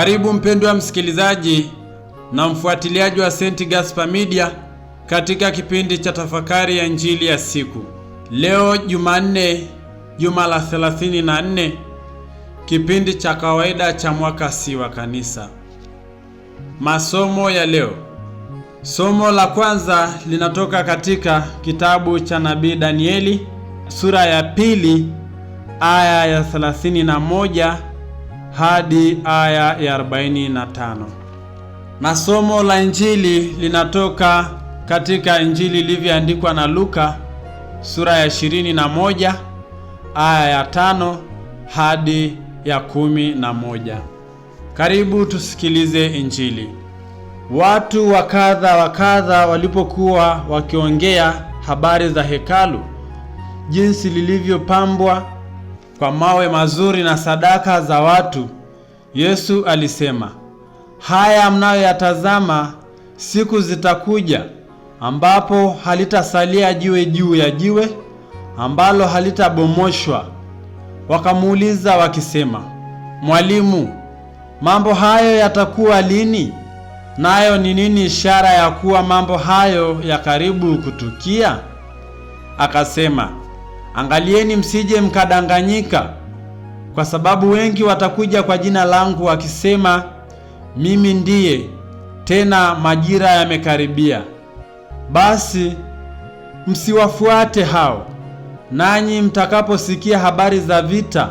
Karibu mpendwa msikilizaji na mfuatiliaji wa St. Gaspar Media katika kipindi cha tafakari ya Injili ya siku. Leo Jumanne, juma la 34, kipindi cha kawaida cha mwaka C wa Kanisa. Masomo ya leo. Somo la kwanza linatoka katika kitabu cha nabii Danieli sura ya pili aya ya 31 hadi aya ya 45. Na somo la Injili linatoka katika Injili ilivyoandikwa na Luka sura ya 21 aya ya 5 hadi ya 11. Karibu tusikilize Injili. Watu wa kadha wa kadha walipokuwa wakiongea habari za hekalu, jinsi lilivyopambwa kwa mawe mazuri na sadaka za watu, Yesu alisema, haya mnayoyatazama, siku zitakuja ambapo halitasalia jiwe juu ya jiwe ambalo halitabomoshwa. Wakamuuliza wakisema, Mwalimu, mambo hayo yatakuwa lini? Nayo ni nini ishara ya kuwa mambo hayo ya karibu kutukia? Akasema, Angalieni msije mkadanganyika, kwa sababu wengi watakuja kwa jina langu wakisema, mimi ndiye, tena majira yamekaribia. Basi msiwafuate hao. Nanyi mtakaposikia habari za vita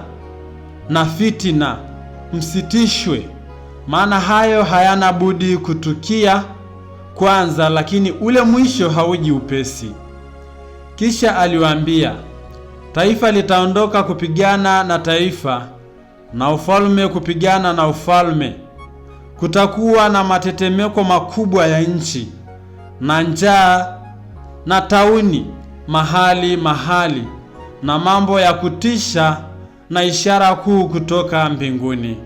na fitina, msitishwe, maana hayo hayana budi kutukia kwanza, lakini ule mwisho hauji upesi. Kisha aliwaambia Taifa litaondoka kupigana na taifa na ufalme kupigana na ufalme. Kutakuwa na matetemeko makubwa ya nchi na njaa na tauni mahali mahali, na mambo ya kutisha na ishara kuu kutoka mbinguni.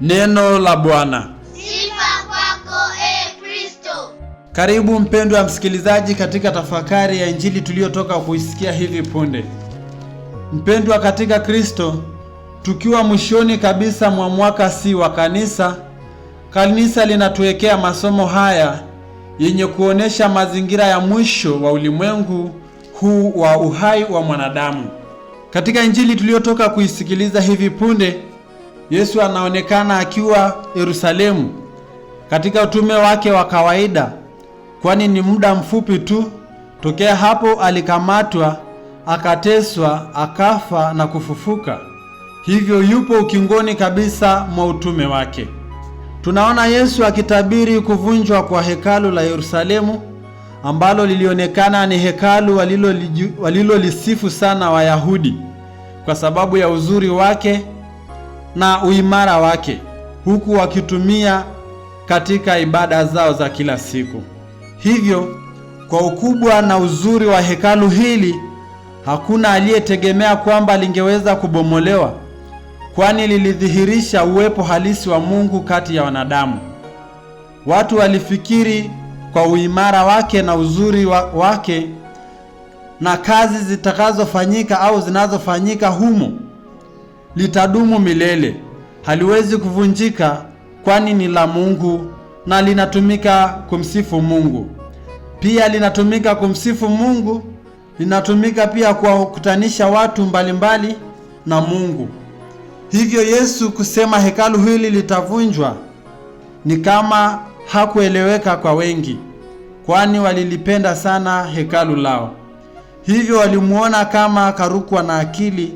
Neno la Bwana. Sifa kwako e Kristo. Karibu mpendwa msikilizaji, katika tafakari ya injili tuliyotoka kuisikia hivi punde. Mpendwa katika Kristo, tukiwa mwishoni kabisa mwa mwaka si wa kanisa, kanisa linatuwekea masomo haya yenye kuonesha mazingira ya mwisho wa ulimwengu huu wa uhai wa mwanadamu. Katika Injili tuliyotoka kuisikiliza hivi punde, Yesu anaonekana akiwa Yerusalemu katika utume wake wa kawaida, kwani ni muda mfupi tu tokea hapo alikamatwa akateswa, akafa na kufufuka, hivyo yupo ukingoni kabisa mwa utume wake. Tunaona Yesu akitabiri kuvunjwa kwa hekalu la Yerusalemu ambalo lilionekana ni hekalu walilolisifu sana Wayahudi kwa sababu ya uzuri wake na uimara wake, huku wakitumia katika ibada zao za kila siku. Hivyo, kwa ukubwa na uzuri wa hekalu hili Hakuna aliyetegemea kwamba lingeweza kubomolewa, kwani lilidhihirisha uwepo halisi wa Mungu kati ya wanadamu. Watu walifikiri kwa uimara wake na uzuri wa wake na kazi zitakazofanyika au zinazofanyika humo litadumu milele, haliwezi kuvunjika, kwani ni la Mungu na linatumika kumsifu Mungu. Pia linatumika kumsifu Mungu linatumika pia kuwakutanisha watu mbalimbali na Mungu. Hivyo Yesu kusema hekalu hili litavunjwa ni kama hakueleweka kwa wengi, kwani walilipenda sana hekalu lao. Hivyo walimuona kama karukwa na akili,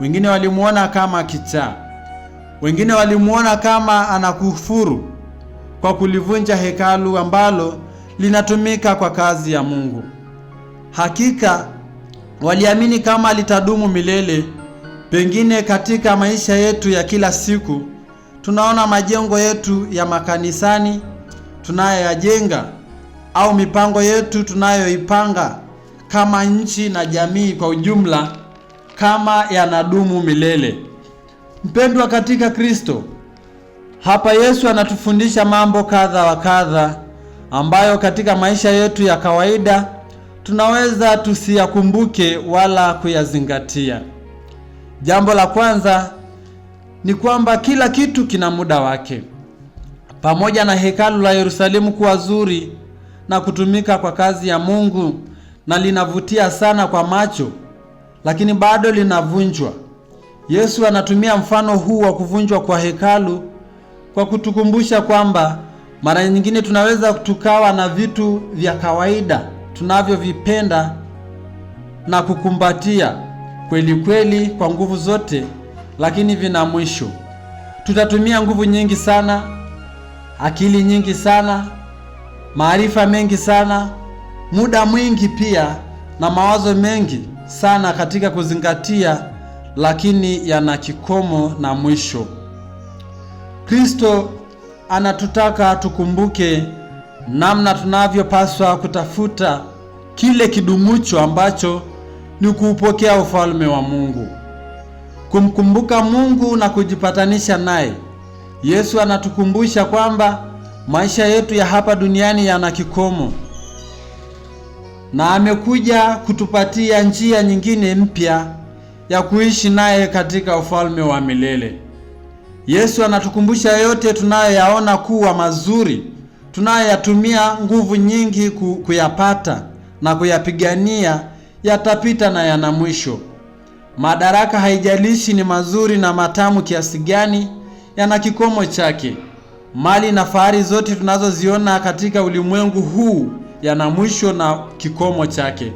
wengine walimuona kama kichaa, wengine walimuona kama anakufuru kwa kulivunja hekalu ambalo linatumika kwa kazi ya Mungu. Hakika waliamini kama litadumu milele. Pengine katika maisha yetu ya kila siku tunaona majengo yetu ya makanisani tunayoyajenga au mipango yetu tunayoipanga kama nchi na jamii kwa ujumla kama yanadumu milele. Mpendwa katika Kristo, hapa Yesu anatufundisha mambo kadha wa kadha ambayo katika maisha yetu ya kawaida tunaweza tusiyakumbuke wala kuyazingatia. Jambo la kwanza ni kwamba kila kitu kina muda wake. Pamoja na hekalu la Yerusalemu kuwa zuri na kutumika kwa kazi ya Mungu na linavutia sana kwa macho, lakini bado linavunjwa. Yesu anatumia mfano huu wa kuvunjwa kwa hekalu kwa kutukumbusha kwamba mara nyingine tunaweza tukawa na vitu vya kawaida tunavyovipenda na kukumbatia kweli kweli kwa nguvu zote, lakini vina mwisho. Tutatumia nguvu nyingi sana, akili nyingi sana, maarifa mengi sana, muda mwingi pia na mawazo mengi sana katika kuzingatia, lakini yana kikomo na mwisho. Kristo anatutaka tukumbuke namna tunavyopaswa kutafuta kile kidumucho ambacho ni kuupokea ufalme wa Mungu, kumkumbuka Mungu na kujipatanisha naye. Yesu anatukumbusha kwamba maisha yetu ya hapa duniani yana kikomo na amekuja kutupatia njia nyingine mpya ya kuishi naye katika ufalme wa milele. Yesu anatukumbusha yote tunayoyaona kuwa mazuri tunayoyatumia nguvu nyingi kuyapata na kuyapigania yatapita na yana mwisho. Madaraka, haijalishi ni mazuri na matamu kiasi gani, yana kikomo chake. Mali na fahari zote tunazoziona katika ulimwengu huu yana mwisho na kikomo chake,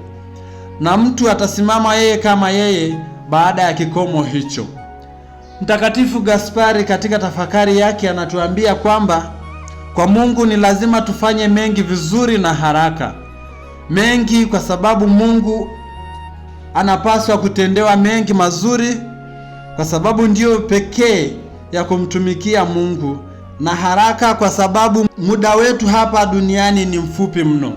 na mtu atasimama yeye kama yeye baada ya kikomo hicho. Mtakatifu Gaspari katika tafakari yake anatuambia kwamba kwa Mungu ni lazima tufanye mengi vizuri na haraka. Mengi kwa sababu Mungu anapaswa kutendewa mengi mazuri kwa sababu ndiyo pekee ya kumtumikia Mungu na haraka kwa sababu muda wetu hapa duniani ni mfupi mno.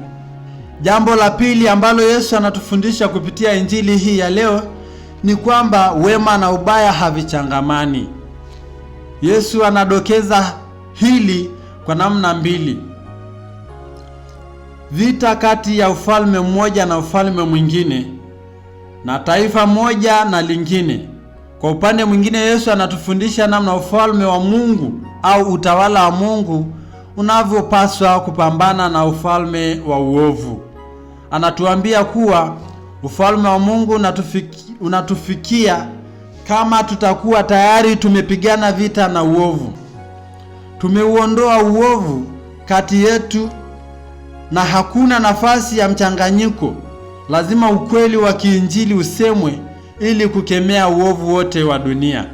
Jambo la pili ambalo Yesu anatufundisha kupitia Injili hii ya leo ni kwamba wema na ubaya havichangamani. Yesu anadokeza hili kwa namna mbili: vita kati ya ufalme mmoja na ufalme mwingine na taifa moja na lingine. Kwa upande mwingine, Yesu anatufundisha namna ufalme wa Mungu au utawala wa Mungu unavyopaswa kupambana na ufalme wa uovu. Anatuambia kuwa ufalme wa Mungu unatufikia kama tutakuwa tayari tumepigana vita na uovu tumeuondoa uovu kati yetu na hakuna nafasi ya mchanganyiko. Lazima ukweli wa kiinjili usemwe ili kukemea uovu wote wa dunia.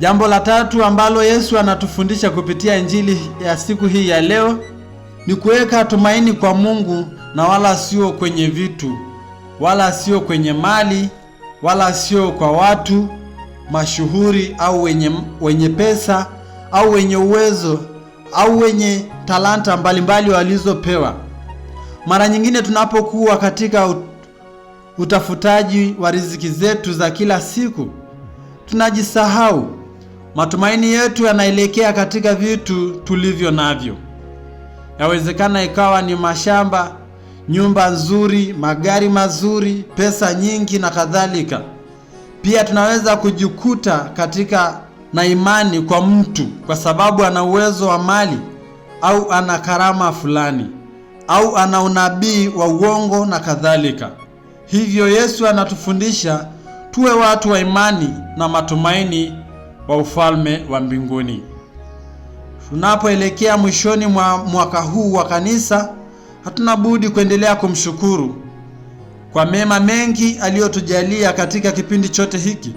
Jambo la tatu ambalo Yesu anatufundisha kupitia injili ya siku hii ya leo ni kuweka tumaini kwa Mungu na wala sio kwenye vitu, wala sio kwenye mali, wala sio kwa watu mashuhuri au wenye, wenye pesa au wenye uwezo au wenye talanta mbalimbali walizopewa. Mara nyingine tunapokuwa katika utafutaji wa riziki zetu za kila siku, tunajisahau. Matumaini yetu yanaelekea katika vitu tulivyo navyo. Yawezekana ikawa ni mashamba, nyumba nzuri, magari mazuri, pesa nyingi na kadhalika. Pia tunaweza kujikuta katika na imani kwa mtu kwa sababu ana uwezo wa mali au ana karama fulani au ana unabii wa uongo na kadhalika. Hivyo Yesu anatufundisha tuwe watu wa imani na matumaini wa ufalme wa mbinguni. Tunapoelekea mwishoni mwa mwaka huu wa kanisa, hatuna budi kuendelea kumshukuru kwa mema mengi aliyotujalia katika kipindi chote hiki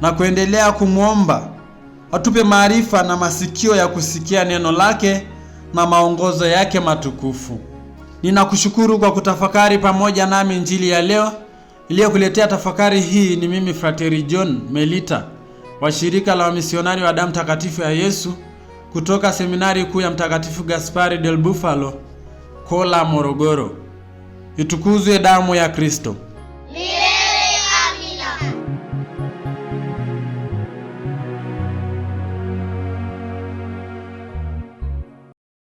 na kuendelea kumwomba atupe maarifa na masikio ya kusikia neno lake na maongozo yake matukufu. Ninakushukuru kwa kutafakari pamoja nami Injili ya leo. Iliyokuletea tafakari hii ni mimi Frateri John Melita wa shirika la wamisionari wa damu takatifu ya Yesu kutoka seminari kuu ya Mtakatifu Gaspari del Bufalo, Kola, Morogoro. Itukuzwe damu ya Kristo!